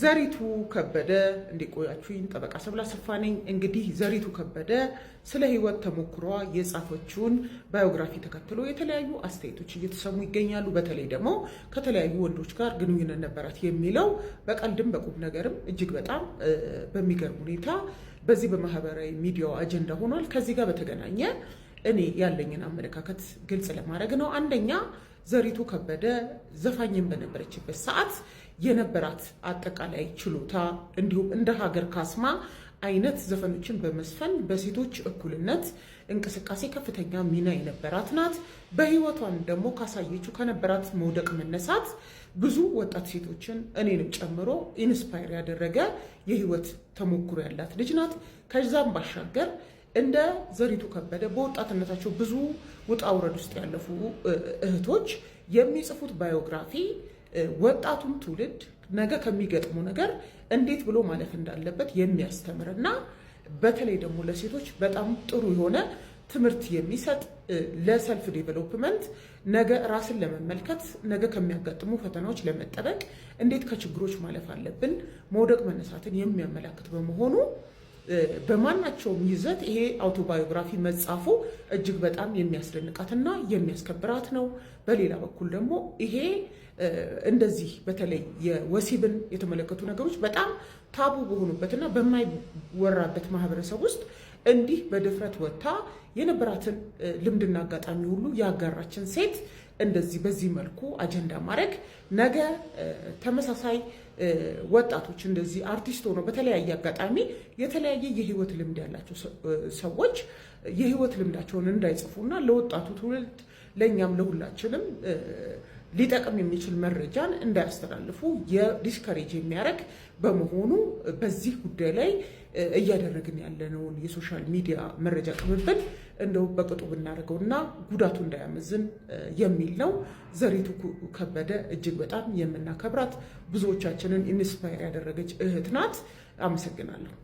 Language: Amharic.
ዘሪቱ ከበደ እንዲቆያችሁኝ ጠበቃ ሰብለ አሰፋ ነኝ። እንግዲህ ዘሪቱ ከበደ ስለ ህይወት ተሞክሯ የጻፈችውን ባዮግራፊ ተከትሎ የተለያዩ አስተያየቶች እየተሰሙ ይገኛሉ። በተለይ ደግሞ ከተለያዩ ወንዶች ጋር ግንኙነት ነበራት የሚለው በቀልድም በቁም ነገርም እጅግ በጣም በሚገርም ሁኔታ በዚህ በማህበራዊ ሚዲያው አጀንዳ ሆኗል። ከዚህ ጋር በተገናኘ እኔ ያለኝን አመለካከት ግልጽ ለማድረግ ነው። አንደኛ ዘሪቱ ከበደ ዘፋኝም በነበረችበት ሰዓት የነበራት አጠቃላይ ችሎታ እንዲሁም እንደ ሀገር ካስማ አይነት ዘፈኖችን በመስፈን በሴቶች እኩልነት እንቅስቃሴ ከፍተኛ ሚና የነበራት ናት። በህይወቷን ደግሞ ካሳየችው ከነበራት መውደቅ መነሳት ብዙ ወጣት ሴቶችን እኔንም ጨምሮ ኢንስፓየር ያደረገ የህይወት ተሞክሮ ያላት ልጅ ናት። ከዛም ባሻገር እንደ ዘሪቱ ከበደ በወጣትነታቸው ብዙ ውጣ ውረድ ውስጥ ያለፉ እህቶች የሚጽፉት ባዮግራፊ ወጣቱን ትውልድ ነገ ከሚገጥሙ ነገር እንዴት ብሎ ማለፍ እንዳለበት የሚያስተምር እና በተለይ ደግሞ ለሴቶች በጣም ጥሩ የሆነ ትምህርት የሚሰጥ ለሰልፍ ዴቨሎፕመንት ነገ ራስን ለመመልከት ነገ ከሚያጋጥሙ ፈተናዎች ለመጠበቅ እንዴት ከችግሮች ማለፍ አለብን መውደቅ መነሳትን የሚያመላክት በመሆኑ በማናቸውም ይዘት ይሄ አውቶባዮግራፊ መጻፉ እጅግ በጣም የሚያስደንቃትና የሚያስከብራት ነው። በሌላ በኩል ደግሞ ይሄ እንደዚህ በተለይ የወሲብን የተመለከቱ ነገሮች በጣም ታቡ በሆኑበትና በማይወራበት ማህበረሰብ ውስጥ እንዲህ በድፍረት ወጥታ የነበራትን ልምድና አጋጣሚ ሁሉ ያጋራችን ሴት እንደዚህ በዚህ መልኩ አጀንዳ ማድረግ ነገ ተመሳሳይ ወጣቶች እንደዚህ አርቲስት ሆነው በተለያየ አጋጣሚ የተለያየ የህይወት ልምድ ያላቸው ሰዎች የህይወት ልምዳቸውን እንዳይጽፉና ለወጣቱ ትውልድ ለእኛም ለሁላችንም ሊጠቅም የሚችል መረጃን እንዳያስተላልፉ የዲስከሬጅ የሚያደርግ በመሆኑ በዚህ ጉዳይ ላይ እያደረግን ያለነውን የሶሻል ሚዲያ መረጃ ቅብብል እንደው በቅጡ ብናደርገው እና ጉዳቱ እንዳያመዝን የሚል ነው። ዘሪቱ ከበደ እጅግ በጣም የምናከብራት ብዙዎቻችንን ኢንስፓየር ያደረገች እህት ናት። አመሰግናለሁ።